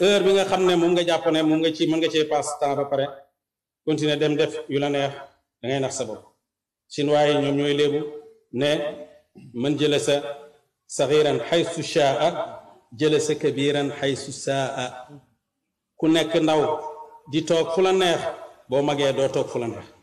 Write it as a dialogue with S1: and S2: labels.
S1: heure bi nga xam ne moom nga jàpp ne moom nga ci mën nga cee passe temps ba pare continuer dem def yu la neex da nax sa bopp chinois yi ñoom ñooy léebu ne man jële sa saxiran xaysu shaa jële sa kabiran xaysu saa ku nekk ndaw di toog fu la neex boo magee doo toog
S2: fula neex